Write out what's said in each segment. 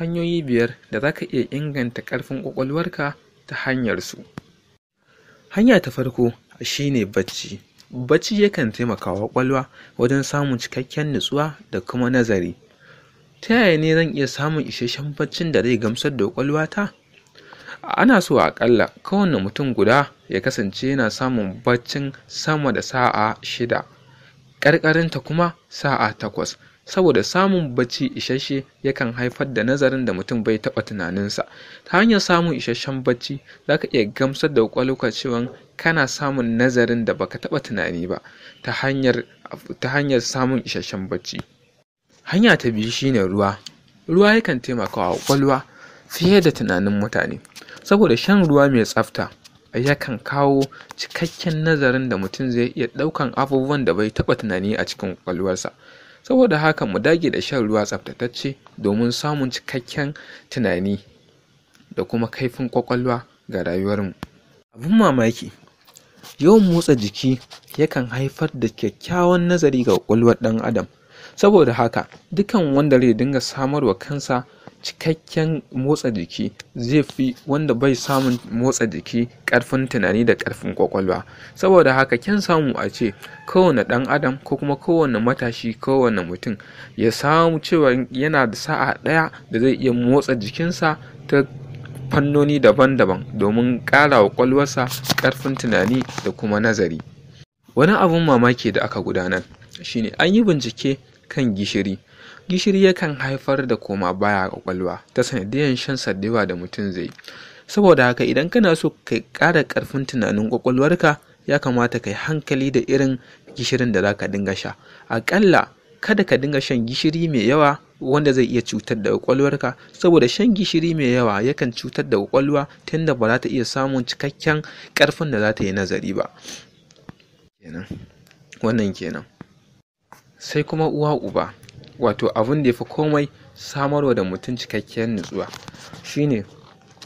hanyoyi biyar da za ka iya inganta ƙarfin ƙwaƙwalwarka ta hanyarsu. Hanya ta farko shi ne bacci. Bacci yakan taimaka wa ƙwaƙwalwa wajen samun cikakken nutsuwa da kuma nazari. Ta yaya ne zan iya samun isasshen baccin da zai gamsar da ƙwaƙwalwata? Ana so a ƙalla kowane mutum guda ya kasance yana samun baccin sama da sa'a shida, ƙarƙarinta kuma sa'a takwas. saboda samun bacci isasshe yakan haifar da nazarin da mutum bai taɓa tunaninsa ta hanyar samun isasshen bacci za ka iya gamsar da ƙwaƙwalwa cewa kana samun nazarin da baka taɓa tunani ba ta hanyar samun isasshen bacci hanya ta biyu shine ruwa ruwa yakan taimaka wa fiye da tunanin mutane saboda shan ruwa mai tsafta yakan kawo cikakken nazarin da mutum zai iya ɗaukan abubuwan da bai taɓa tunani a cikin kwalwarsa saboda haka mu dage da shan ruwa tsaftatacce domin samun cikakken tunani da kuma kaifin kwakwalwa ga rayuwarmu abin mamaki yawan motsa jiki yakan haifar da kyakkyawan nazari ga kwakwalwar ɗan adam saboda haka dukan wanda zai dinga samarwa kansa cikakken motsa jiki zai fi wanda bai samun motsa jiki ƙarfin tunani da ƙarfin kwakwalwa saboda haka kin samu a ce kowane ɗan adam ko kuma kowane matashi kowane mutum ya samu cewa yana da sa'a ɗaya da zai iya motsa jikinsa ta fannoni daban-daban domin ƙara wa karfin ƙarfin tunani da kuma nazari wani abin mamaki da aka gudanar shine an yi bincike kan gishiri gishiri yakan haifar da koma baya a kwakwalwa ta sanadiyyar shan sadewa da mutum zai saboda haka idan kana so ka ƙara ƙarfin tunanin kwakwalwarka ya kamata ka yi hankali da irin gishirin da za ka dinga sha aƙalla kada ka dinga shan gishiri mai yawa wanda zai iya cutar da kwakwalwarka saboda shan gishiri mai yawa yakan cutar da kwakwalwa tunda ba za ta iya samun cikakken ƙarfin da za ta yi nazari ba wannan kenan sai kuma uwa uba wato abin da ya fi komai samarwa da mutum cikakkiyar nutsuwa shine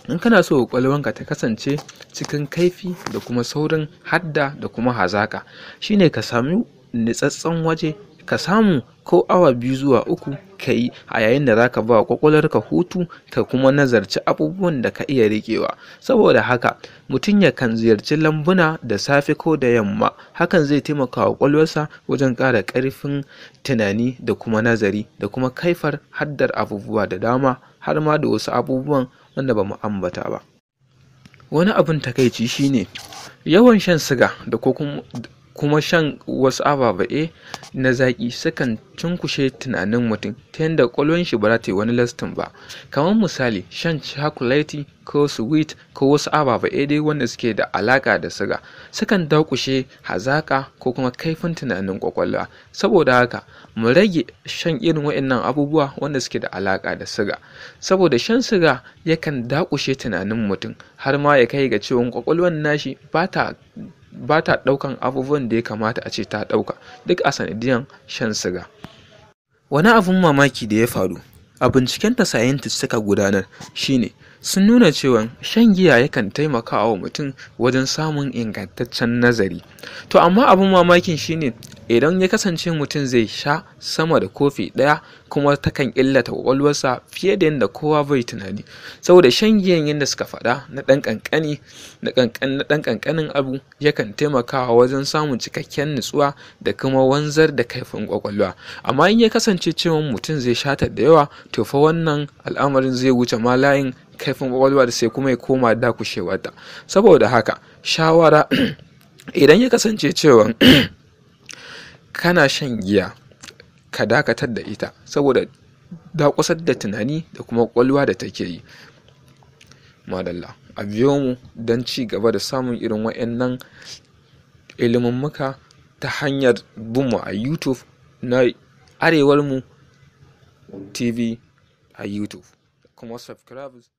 in kana so kwakwalwanka ta kasance cikin kaifi da kuma saurin hadda da kuma hazaka shine ka sami nutsatsen waje ka samu ko awa biyu zuwa uku ka yi a yayin da za ka ba ka hutu ka kuma nazarci abubuwan da ka iya riƙewa saboda haka mutum ya kan ziyarci lambuna da safe ko da yamma hakan zai taimaka wa kwakwalwarsa wajen ƙara ƙarfin tunani da kuma nazari da kuma kaifar haddar abubuwa da dama har ma da wasu abubuwan wanda ba mu ambata ba wani abin takaici shine yawan shan siga da ko kuma kuma shan wasu ababe eh, na zaƙi sukan cunkushe tunanin mutum ta yadda ƙwaƙwalwar shi ba za ta yi wani lastin ba kamar misali shan chocolate ko sweet ko wasu ababe eh, dai wanda suke da alaƙa da suga sukan dakushe hazaƙa ko kuma kaifin tunanin ƙwaƙwalwa saboda haka mu rage shan irin waɗannan abubuwa wanda suke da alaƙa da suga. saboda shan siga yakan dakushe tunanin mutum har ma ya kai ga ciwon ƙwaƙwalwar nashi ba ta ba ta ɗaukan abubuwan da ya kamata a ce ta ɗauka duk a sanadiyan shan siga wani abin mamaki da ya faru a binciken da scientists suka gudanar shine sun nuna cewa shan giya yakan taimaka wa mutum wajen samun ingantaccen nazari to amma abin mamakin shine idan ya kasance mutum zai sha sama da kofi ɗaya kuma ta kan illata ƙwaƙwalwarsa fiye da yadda kowa bai tunani saboda shan giyan yadda suka faɗa na ɗan ƙanƙani na ɗan ƙanƙanin abu yakan taimakawa wajen samun cikakken nutsuwa da kuma wanzar da kaifin ƙwaƙwalwa amma in ya kasance cewa mutum zai shata da yawa to fa wannan al'amarin zai wuce ma layin kaifin kwakwalwa da sai kuma ya koma dakushewarta saboda haka shawara idan ya kasance cewa kana shan giya ka dakatar da ita saboda dakusar da tunani da kuma kwalwa da take yi madalla a biyo mu don ci gaba da samun irin wa'annan muka ta hanyar bumu a youtube na arewarmu tv a youtube kuma subscribe